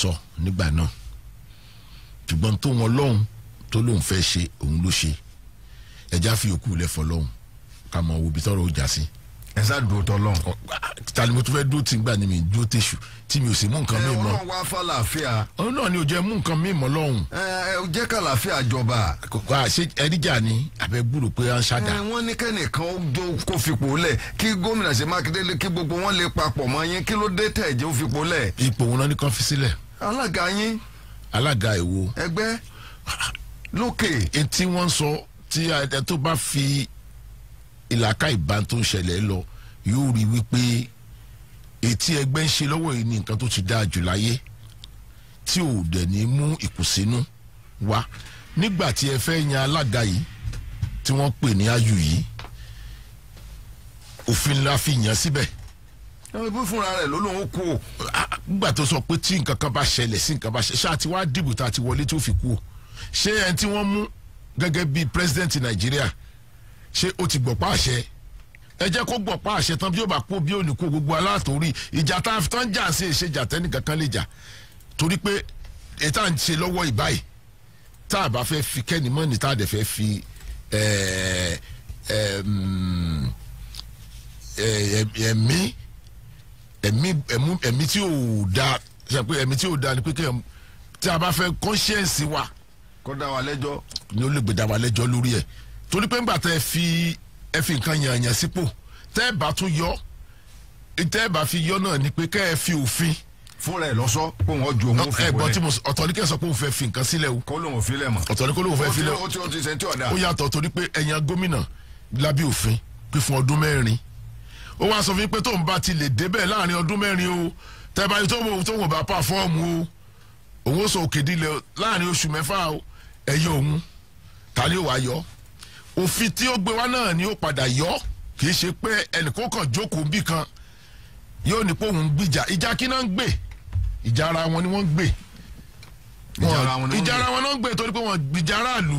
sọ nígbà náà ṣùgbọ́n tó wọn lọ́hùn tó lóun fẹ́ ṣe òun ló ṣe ẹja fi òkú lẹ́fọ̀ lọ́hùn ká mọ òbí tọrọ ọjà sí. ẹ sá dúró tọ lọ́hùn. tani mo tún fẹ́ dúró tí n gbà ní mi dúró tẹ̀sù tí mi ò sì mú nǹkan mi mọ́. ẹ ọlọ́run wá fàlàáfíà. ọ̀hún náà ni ò jẹ́ mú nǹkan mi mọ́ lọ́hùn. ẹ ẹ jẹ́ kàlàáfíà jọba. kòkó àṣe ẹdíjà ni àbẹ gbúrò pé à ń ṣàdá. wọ́n ní kẹ́nìkan ó jó kó fipò lẹ̀ kí gómìnà ṣe mákindé kí gbogbo wọn lè papọ̀ mọ́ yín kí ló dé tẹ̀ jẹ́ ó fipò lẹ̀. ipò wọn ni kàn fi sílẹ̀ alága yín. alága èwo. ẹgbẹ́ lókè. etí wọ́n sọ tí ẹ tó bá fi ìlàkà ìbá tó ń ṣẹlẹ̀ lọ yóò rí wípé etí ẹgbẹ́ ń ṣe lọ́wọ́ yìí ní nǹkan tó ti dáa jù láyé tí ò dẹ̀ ní mú ìkùnsínú wá nígbà tí ẹ fẹ́ yan alága yìí tí wọ́n pè ní ayù yìí òfin ńlá fi yàn síbẹ̀. ẹ bí fúnra rẹ̀ ló lóun kú o nígbà tó sọ pé tí nǹkan kan bá ṣẹlẹ̀ sí nǹkan bá ṣẹlẹ̀ ṣáà tí wàá dìbò tá a ti wọlé tí ó fi kú o ṣé ẹni tí wọ́n mú gẹ́gẹ́ bíi president nàìjíríà ṣé ó ti gbọ̀pá àṣẹ ẹ jẹ́ kó gbọ̀pá àṣẹ tán bí ó bá kó bí ó ní kó gbogbo aláàtórí ìjà tá a tán jà sí èṣe jà tẹ́nìkan kan lè jà torí pé ètà ń ṣe lọ́wọ́ ìbáyìí tá a bá fẹ́ fi kẹ́ni mọ́ni tá a dẹ̀ fẹ́ fi ẹ̀ẹ́ ẹ̀ẹ́ ẹ̀mí ẹ̀mí ẹ̀mú ẹ̀mí tí ò da ṣe pé ẹ̀mí tí ò da ni pé kéèyàn tí a bá fẹ́ conscience wa. kó dá wa lẹ́jọ́. ni ó lè gbé dá wa lẹ́jọ́ lórí ẹ̀ torí pé ńgbà tẹ́ ẹ fi ẹ fi nǹkan yàn yàn sípò tẹ́ ẹ bá tún yọ tẹ́ ẹ bá fi yọ náà ni pé kẹ́ ẹ fi òfin fúnra ẹ lọ sọ pé òun ju òun fi wọlé ọ̀tọ̀ ní kẹ́ sọ pé òun fẹ́ fi nǹkan sílẹ̀ o kó lóun fi lẹ̀ mọ́ ọ̀tọ̀ ní kó lóun fẹ́ fi o ó yàtọ̀ torí pé ẹ̀yàn gómìnà lábẹ́ òfin pé ó wá sọ fún yín pé tóun bá ti lè débẹ̀ láàrin ọdún mẹ́rin o tẹ́bá yìí tóun tóun bá pàfọ́ọ̀mù o òun ó sọ òkè dílé láàrin oṣù mẹ́fà o ẹ̀yẹ òun ta ni ó wá yọ òfin tí ó gbé wá náà ni ó padà yọ kì ṣe pé ẹnìkan kan jókòó bì kan yóò ní pé òun gbìjà ìjà kí náà ń gbè ìjà ara wọn ni wọ́n ń gbè ìjà ara wọn náà ń gbé torí pé wọn gbìjà aráàlú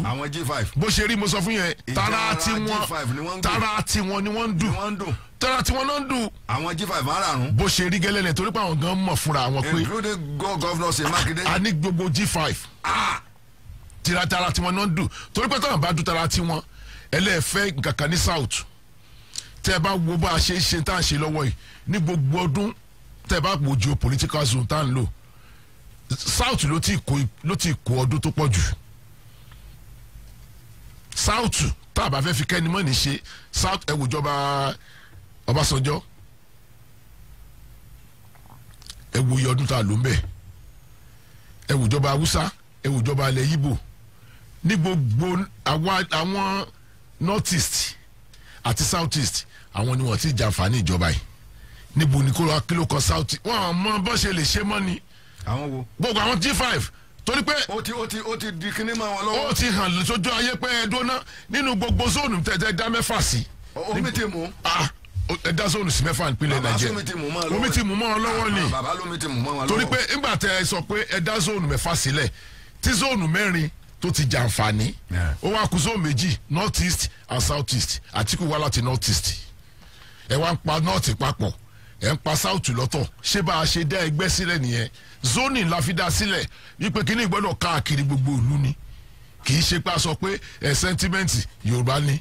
bó ṣe rí mo sọ fún yẹn tara tiwọn tara tiwọn ni wọ́n ń dùn tara tiwọn náà ń dùn. àwọn G5 márààrún. bó ṣe rí gẹ́lẹ́ lẹ̀ torí pé àwọn gan mọ̀ fúnra wọn pé. including go governor ṣe Makinde. a ní gbogbo g five. Ah! tira tara tiwọn náà ń dùn torí pé táwọn bá dùn tara tiwọn ẹlẹ́ẹ̀fẹ́ kankan ní south tẹ́ ẹ bá wo bá a ṣe ń ṣe tá à ń ṣe lọ́wọ́ yìí ní gbogbo ọdún tẹ́ bá wo geopolitical zone tá à ń lò south ló ti kó ló ti kó ọdún tó pọ̀ jù south tá a bá fẹ́ fi kẹ́ni mọ́ni ṣe south ẹ̀ wòjọba Ọbásanjọ́ ẹ wo iye ọdún tá a lò ń bẹ̀ ẹ wòjọba Haúsá ẹ wòjọba alẹ́ Yíbò ní gbogbo àwọn north east àti south east àwọn ni wọ́n ti jàǹfààní ìjọba yìí níbo ni kó lọ́ọ́ kí ló kọ south wọ́n mọ bó ṣe lè ṣe mọ́ àwọn wo. gbogbo àwọn G5 torí pé. ó ti ó ti ó ti di kinní mọ́ wọn lọ́wọ́. ó ti hàn lójú ayé pé ẹ dóná nínú gbogbo zónù tẹ̀tẹ̀ dá mẹ́fà sí. omi ti mú. ẹ dá zónù sí mẹ́fà nípínlẹ̀ Nàìjíríà omi ti mú mọ́ wọn lọ́wọ́ ni. bàbá lómi ti mú mọ́ wọn lọ́wọ́. torí pé nígbà tẹ sọ pé ẹ dá zónù mẹ́fà sílẹ̀ tí zónù mẹ́rin tó ti jàǹfààní ó wá kù zónù méjì north east and south east Àtíkù wá láti north east ẹ wá ń pa north papọ̀ ẹ̀ ń pa sáùtù lọ́tọ̀ ṣé bá a ṣe dá ẹgbẹ́ sílẹ̀ nìyẹn zoni la fi dá sílẹ̀ wípé kíní gbọ́dọ̀ káàkiri gbogbo ìlú ni kì í ṣe pé a sọ pé ẹ̀ sẹ́ńtímẹ́ǹtì yorùbá ni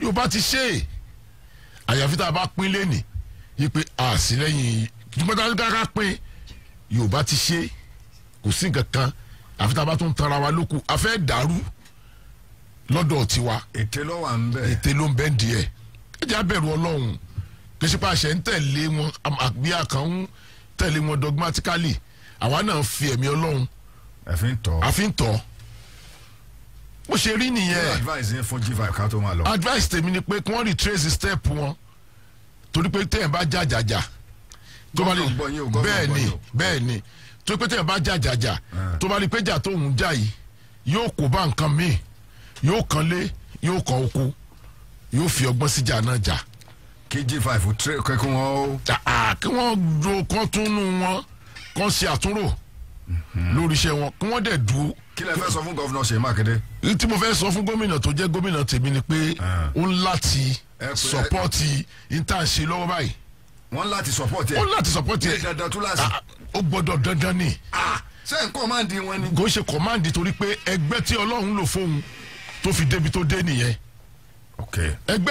yorùbá ti ṣe é àyàfi tá a bá pín lẹ́nì wípé àsìlẹ́yìn tùmọ̀tàkàkà pín yorùbá ti ṣe kò sí nǹkan kan àfi tá a bá tún tara wa lóko a fẹ́ dàrú lọ́dọ̀ tiwa ète ló wà ń bẹ ète ló ń bẹ ń di ẹ̀ ẹ jẹ́ abẹ̀rù ọlọ́run kì í ṣe pé àṣẹ ń tẹ̀lé wọn àbí àkàn ń tẹ̀lé wọn dogmatically àwa náà fi ẹ̀mí ọlọ́run àfi ń tọ́ bó ṣe rí nìyẹn advice yẹn fún jíva ká tó máa lọ. advice tèmi ni pé kí wọ́n retrace step wọn torí pé téèyàn bá jàjàjà tó bá lè bẹ́ẹ̀ ni bẹ́ẹ̀ ni torí pé téèyàn bá jàjàjà ah. tó bá lè pé jà tó ń jà yìí yóò kó bá nǹkan míì yóò kan lé yóò kan oko yóò fi ọgbọ́n síjà náà jà. Ja kg five kẹ́kọ̀ọ́ wọn o. kí wọ́n do ah, ah, kán tún nù wọn kán ṣe àtúrò mhm. lórí iṣẹ́ wọn kí wọ́n dẹ̀ du. kí lẹ fẹ́ sọ fún gọ́vnà Ṣèyí Mákindé. tí mo fẹ́ sọ fún gómìnà tó jẹ́ gómìnà tèmi ni pé ah. ó ń láti sọpọ́ọ̀tì intanṣe lọ́wọ́ báyìí. wọ́n láti sọpọ́ọ̀tì ẹ̀. ó láti sọpọ́ọ̀tì ẹ̀. dandan tún láti. ó gbọ́dọ̀ dandan ni. ṣé n kọ́máǹdì wọn ni. kò ṣe kọ́máǹdì torí pé ẹgbẹ́ tí Ọlọ́run lò fóun tó fi débi tó dé nìyẹn. ẹgbẹ́.